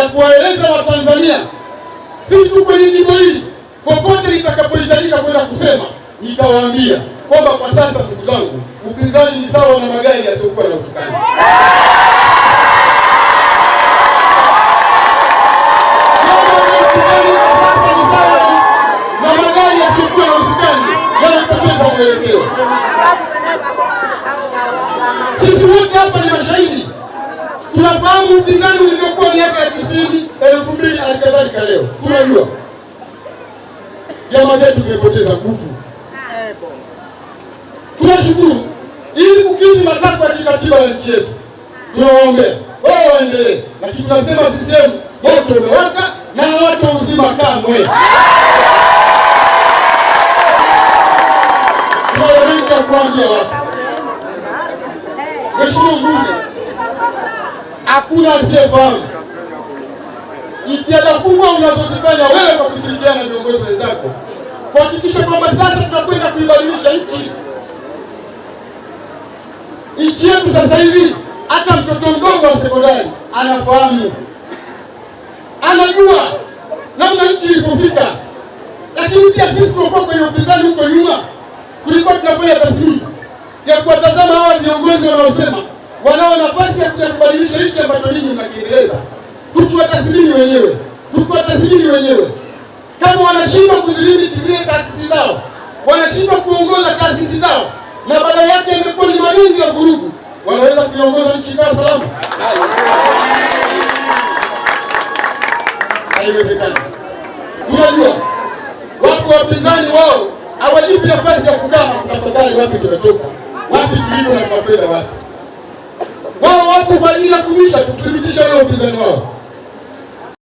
ya kuwaeleza Watanzania si tu kwenye jimbo hili, popote nitakapohitajika kwenda kusema, nitawaambia kwamba kwa sasa, ndugu zangu, upinzani ni sawa na magari yasiyokuwa na usukani. Sisi wote hapa mpaka leo tunajua jamaa zetu vimepoteza nguvu. Tunashukuru ili kukidhi matakwa ya kikatiba ya nchi yetu, tunawaombea wao waendelee, lakini tunasema sisemu moto umewaka na hawatauzima kamwe. Tunaweka kuambia watu, Mheshimiwa Mbunge, hakuna asiyefahamu jitihada kubwa unazozifanya wewe kwa kushirikiana na viongozi wenzako kuhakikisha kwamba sasa tunakwenda kuibadilisha nchi nchi yetu. Sasa hivi hata mtoto mdogo wa sekondari anafahamu, anajua namna nchi ilipofika. Lakini pia sisi tunakuwa kwenye upinzani huko nyuma, kulikuwa tunafanya tathmini ya kuwatazama hawa viongozi wanaosema wanao nafasi ya kuja kubadilisha nchi ambacho ninyi mnakiendeleza tukiwatathmini wenyewe, tukiwatathmini wenyewe kama wanashindwa kudhibiti zile taasisi zao, wanashindwa kuongoza taasisi zao, na baada yake imekuwa ni malinzi ya vurugu, wanaweza kuiongoza nchi ikawa salama? Haiwezekani. Unajua, wako wapinzani wao hawajipi nafasi ya kukaa na kutafakari, wapi tumetoka, wapi tulipo na tunakwenda wapi. Wao wako kwa ajili ya kumisha kuthibitisha ule upinzani wao.